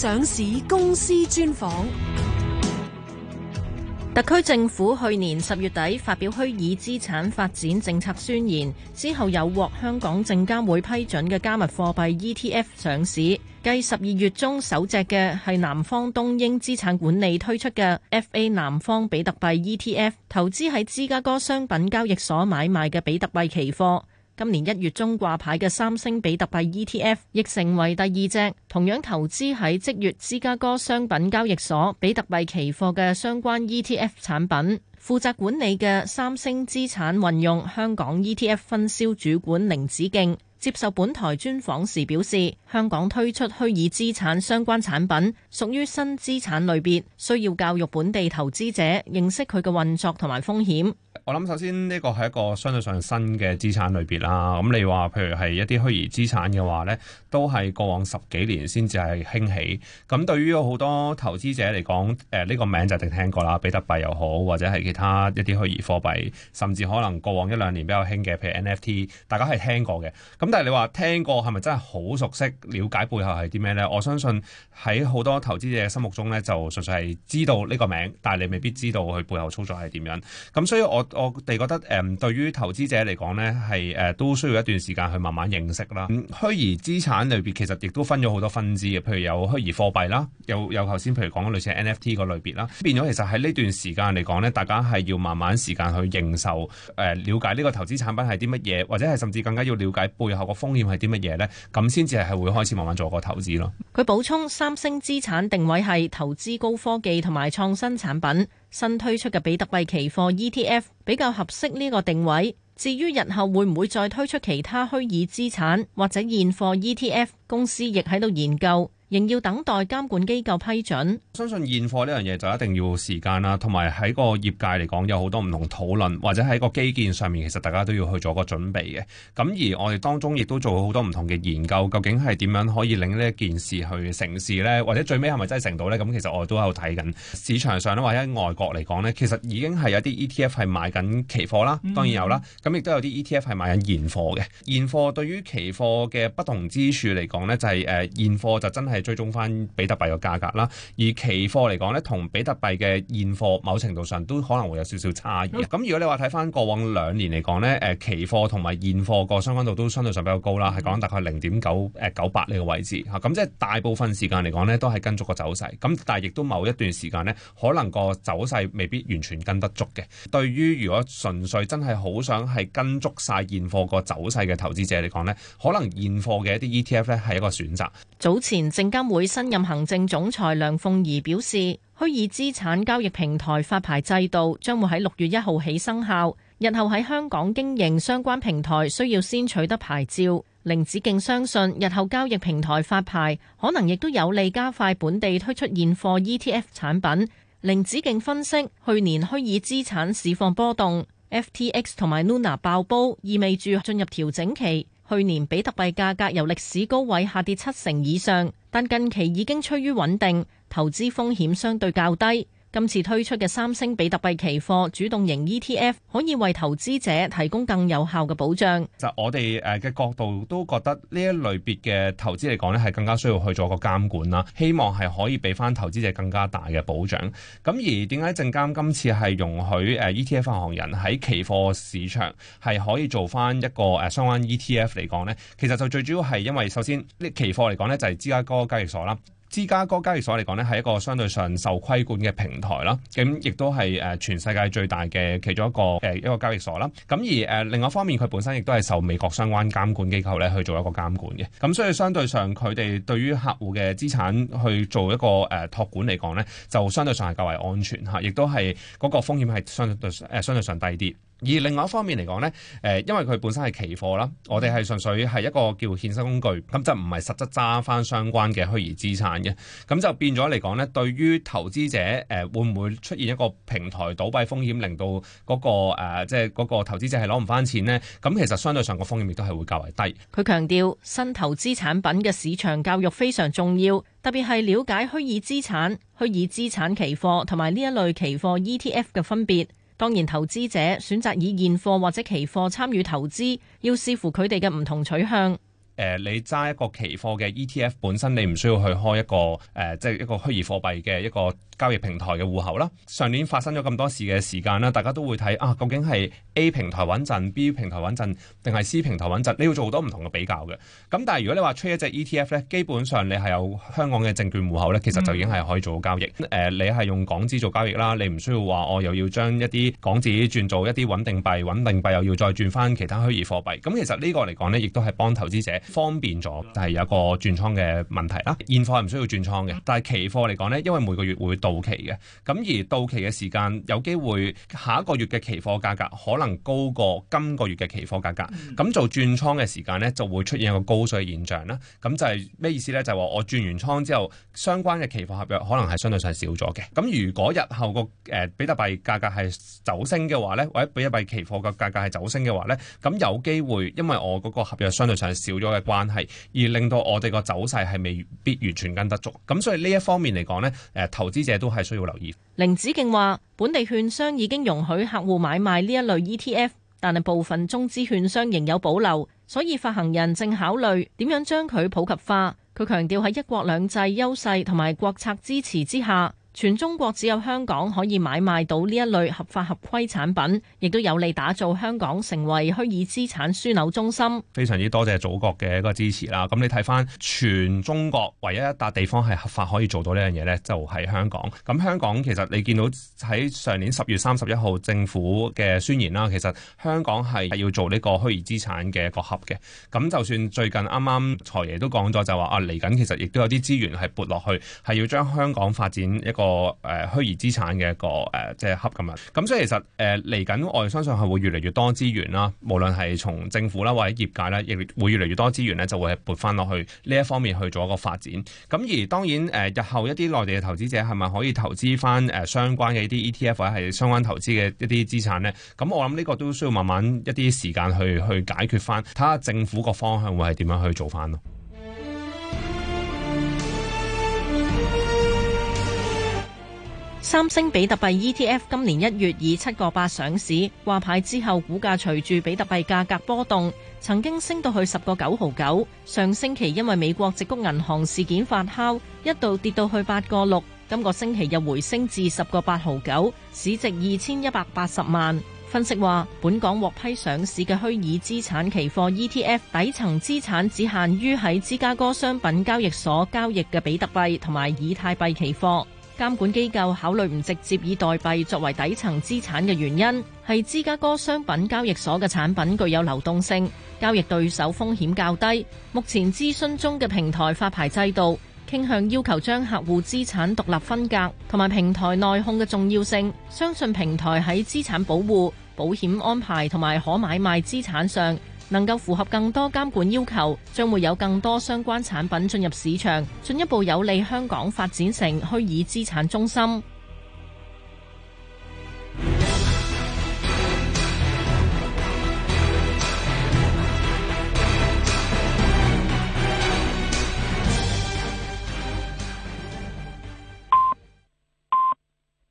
上市公司專訪。特區政府去年十月底發表虛擬資產發展政策宣言之後，有獲香港證監會批准嘅加密貨幣 ETF 上市，繼十二月中首隻嘅係南方東英資產管理推出嘅 FA 南方比特幣 ETF，投資喺芝加哥商品交易所買賣嘅比特幣期貨。今年一月中掛牌嘅三星比特幣 ETF 亦成為第二隻同樣投資喺即月芝加哥商品交易所比特幣期貨嘅相關 ETF 產品。負責管理嘅三星資產運用香港 ETF 分銷主管凌子敬接受本台專訪時表示，香港推出虛擬資產相關產品屬於新資產類別，需要教育本地投資者認識佢嘅運作同埋風險。我諗首先呢個係一個相對上新嘅資產類別啦。咁你話譬如係一啲虛擬資產嘅話呢，都係過往十幾年先至係興起。咁對於有好多投資者嚟講，誒呢個名就一定聽過啦，比特幣又好，或者係其他一啲虛擬貨幣，甚至可能過往一兩年比較興嘅，譬如 NFT，大家係聽過嘅。咁但係你話聽過係咪真係好熟悉，了解背後係啲咩呢？我相信喺好多投資者心目中呢，就純粹係知道呢個名，但係你未必知道佢背後操作係點樣。咁所以我。我哋覺得誒，對於投資者嚟講呢，係誒都需要一段時間去慢慢認識啦。虛擬資產類別其實亦都分咗好多分支嘅，譬如有虛擬貨幣啦，有又頭先譬如講嘅類似 NFT 嗰類別啦。變咗其實喺呢段時間嚟講呢，大家係要慢慢時間去認受誒，了解呢個投資產品係啲乜嘢，或者係甚至更加要了解背後個風險係啲乜嘢呢。咁先至係會開始慢慢做個投資咯。佢補充，三星資產定位係投資高科技同埋創新產品。新推出嘅比特幣期貨 ETF 比較合適呢個定位。至於日後會唔會再推出其他虛擬資產，或者現貨 ETF，公司亦喺度研究。仍要等待監管機構批准。相信現貨呢樣嘢，就一定要時間啦，同埋喺個業界嚟講有好多唔同討論，或者喺個基建上面，其實大家都要去做個準備嘅。咁而我哋當中亦都做好多唔同嘅研究，究竟係點樣可以令呢一件事去成事咧？或者最尾係咪真係成到咧？咁其實我哋都喺度睇緊市場上咧，或者外國嚟講咧，其實已經係有啲 ETF 係買緊期貨啦，當然有啦。咁亦都有啲 ETF 係買緊現貨嘅。現貨對於期貨嘅不同之處嚟講咧，就係、是、誒現貨就真係。追蹤翻比特幣嘅價格啦，而期貨嚟講咧，同比特幣嘅現貨某程度上都可能會有少少差異。咁、嗯、如果你話睇翻過往兩年嚟講咧，誒期貨同埋現貨個相關度都相對上比較高啦，係講大概零點九誒九八呢個位置嚇。咁即係大部分時間嚟講咧，都係跟足個走勢。咁但係亦都某一段時間咧，可能個走勢未必完全跟得足嘅。對於如果純粹真係好想係跟足晒現貨個走勢嘅投資者嚟講咧，可能現貨嘅一啲 ETF 咧，係一個選擇。早前監會新任行政總裁梁鳳儀表示，虛擬資產交易平台發牌制度將會喺六月一號起生效，日後喺香港經營相關平台需要先取得牌照。凌子敬相信，日後交易平台發牌可能亦都有利加快本地推出現貨 ETF 產品。凌子敬分析，去年虛擬資產市況波動，FTX 同埋 Luna 爆煲，意味住進入調整期。去年比特幣價格由歷史高位下跌七成以上，但近期已經趨於穩定，投資風險相對較低。今次推出嘅三星比特幣期貨主動型 ETF，可以為投資者提供更有效嘅保障。就我哋誒嘅角度都覺得呢一類別嘅投資嚟講呢，係更加需要去做一個監管啦。希望係可以俾翻投資者更加大嘅保障。咁而點解證監今次係容許誒 ETF 發行人喺期貨市場係可以做翻一個誒相關 ETF 嚟講呢？其實就最主要係因為首先呢期貨嚟講呢，就係芝加哥交易所啦。芝加哥交易所嚟講，呢係一個相對上受規管嘅平台啦，咁亦都係誒全世界最大嘅其中一個誒一個交易所啦。咁而誒另外一方面，佢本身亦都係受美國相關監管機構咧去做一個監管嘅。咁所以相對上佢哋對於客戶嘅資產去做一個誒託管嚟講呢就相對上係較為安全嚇，亦都係嗰個風險係相對誒相對上低啲。而另外一方面嚟講呢誒，因為佢本身係期貨啦，我哋係純粹係一個叫衍生工具，咁就唔係實質揸翻相關嘅虛擬資產嘅，咁就變咗嚟講呢對於投資者誒，會唔會出現一個平台倒閉風險，令到嗰個誒，即係嗰個投資者係攞唔翻錢呢？咁其實相對上個風險亦都係會較為低。佢強調新投資產品嘅市場教育非常重要，特別係了解虛擬資產、虛擬資產期貨同埋呢一類期貨 ETF 嘅分別。當然，投資者選擇以現貨或者期貨參與投資，要視乎佢哋嘅唔同取向。誒、呃，你揸一個期貨嘅 ETF 本身，你唔需要去開一個誒、呃，即係一個虛擬貨幣嘅一個交易平台嘅戶口啦，上年發生咗咁多事嘅時間啦，大家都會睇啊，究竟係 A 平台穩陣，B 平台穩陣，定係 C 平台穩陣？你要做好多唔同嘅比較嘅。咁但係如果你話 trade 一隻 ETF 咧，基本上你係有香港嘅證券戶口咧，其實就已經係可以做交，嗯呃、是做交易。誒，你係用港紙做交易啦，你唔需要話我又要將一啲港紙轉做一啲穩定幣，穩定幣又要再轉翻其他虛擬貨幣。咁其實呢個嚟講呢，亦都係幫投資者方便咗，就係、是、有一個轉倉嘅問題啦。現貨係唔需要轉倉嘅，但係期貨嚟講呢，因為每個月會到到期嘅，咁而到期嘅時間有機會下一個月嘅期貨價格可能高過今個月嘅期貨價格，咁、嗯、做轉倉嘅時間咧就會出現一個高水的現象啦。咁就係咩意思咧？就話、是、我轉完倉之後，相關嘅期貨合約可能係相對上少咗嘅。咁如果日後個誒比特幣價格係走升嘅話咧，或者比特幣期貨嘅價格係走升嘅話咧，咁有機會因為我嗰個合約相對上係少咗嘅關係，而令到我哋個走勢係未必完全跟得足。咁所以呢一方面嚟講咧，誒投資者。都係需要留意。凌子敬話：本地券商已經容許客戶買賣呢一類 ETF，但係部分中資券商仍有保留，所以發行人正考慮點樣將佢普及化。佢強調喺一國兩制優勢同埋國策支持之下，全中國只有香港可以買賣到呢一類合法合規產品，亦都有利打造香港成為虛擬資產樞紐中心。非常之多謝祖國嘅一個支持啦。咁你睇翻全中國唯一一笪地方係合法可以做到呢樣嘢呢，就係香港。咁香港其實你見到喺上年十月三十一號政府嘅宣言啦，其實香港係要做呢個虛擬資產嘅一個 hub 嘅。咁就算最近啱啱財爺都講咗，就話啊嚟緊其實亦都有啲資源係撥落去，係要將香港發展一個。個誒虛擬資產嘅一個誒即係恰咁樣，咁所以其實誒嚟緊我哋相信係會越嚟越多資源啦，無論係從政府啦或者業界啦，亦會越嚟越多資源咧就會係撥翻落去呢一方面去做一個發展。咁而當然誒、呃、日後一啲內地嘅投資者係咪可以投資翻誒、呃、相關嘅一啲 ETF 或者係相關投資嘅一啲資產咧？咁我諗呢個都需要慢慢一啲時間去去解決翻，睇下政府個方向會係點樣去做翻咯。三星比特幣 ETF 今年一月以七個八上市，掛牌之後股價隨住比特幣價格波動，曾經升到去十個九毫九。上星期因為美國矽谷銀行事件發酵，一度跌到去八個六。今、這個星期又回升至十個八毫九，市值二千一百八十萬。分析話，本港獲批上市嘅虛擬資產期貨 ETF 底層資產只限於喺芝加哥商品交易所交易嘅比特幣同埋以太幣期貨。監管機構考慮唔直接以代幣作為底層資產嘅原因，係芝加哥商品交易所嘅產品具有流動性，交易對手風險較低。目前諮詢中嘅平台發牌制度傾向要求將客戶資產獨立分隔，同埋平台內控嘅重要性。相信平台喺資產保護、保險安排同埋可買賣資產上能夠符合更多監管要求，將會有更多相關產品進入市場，進一步有利香港發展成虛擬資產中心。